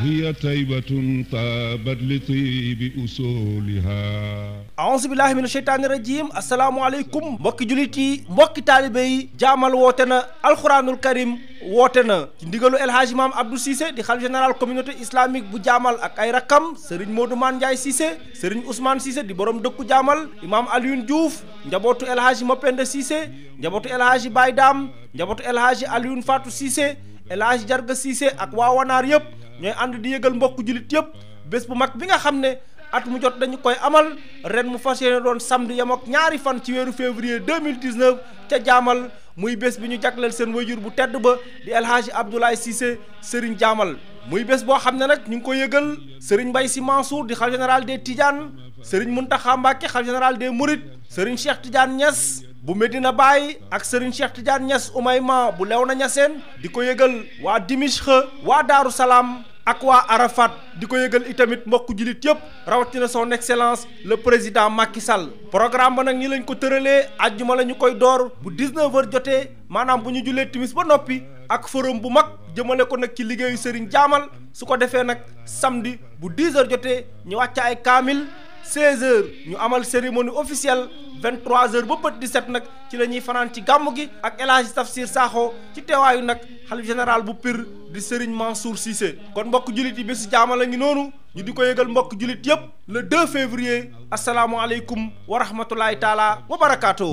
hiya taybatun taabat li tiibi usuliha aouzu billahi mina sheytaani rajim asalaamualeykum mbokki jullit yi mbokki taalibe jaamal woote na alxuraanul karim woote na ci ndigalu El Hadji Mame Abdou Cissé di xalif général communauté islamique bu jaamal ak ay rakkam sëriñ Modou Man Ndiaye Cissé sëriñ Ousmane Cissé di borom dëkku jaamal imaam Alioune Diouf njabootu El Hadji Mapenda Cissé njabootu El Hadji njabootu El Hadji Alioune Fatou Cissé El Jarga ak waa yëpp ñooy ànd di yëgal mbokk jullit yëpp bés bu mag bi nga xam ne at mu jot dañu koy amal ren mu fas yéene doon samedi yam ak ñaari fan ci weeru février 2019 ca jaamal muy bés bi ñu jagleel seen wayjur bu tedd ba di El Hadji Abdoulaye Cissé Serigne Jaamal muy bés boo xam ne nag ñu ngi ko yëgal Serigne mbay Sy Mansour di xal général des Tidiane Serigne Mountakha Mbacké xal général de Mourides Serigne Cheikh Tidiane Niass bu Medina Baye ak Serigne Cheikh Tidiane Niass Oumayma bu Léona Niassène di ko yëgal waa Dimishq waa Daaru Salaam ak waa Arafat di ko yëgal tamit mbokku jullit yëpp rawatina son excellence le président Macky Sall programme ba nag ñi lañ ko tëralee àjjuma la ñu koy door bu 19h jotee maanaam bu ñu jullee timis ba noppi ak forum bu mag jëmale ko nag ci liggéeyu Serigne Jaamal su ko defee nag samedi bu 10h jotee ñu wàcc ay kaamil. 16 heures ñu amal cérémonie officielle 23 heures ba bët set nag ci la ñuy fanaan ci gàmm gi ak El Hadji Tafsir Sakho ci teewaayu nag xalif général bu piir di Serigne Mansour Cissé kon mbokk jullit yi bésu jaama la ngi noonu ñu di ko yëgal mbokk jullit yëpp le 2 février asalaamualeykum wa rahmatulahi taala wa barakaatu.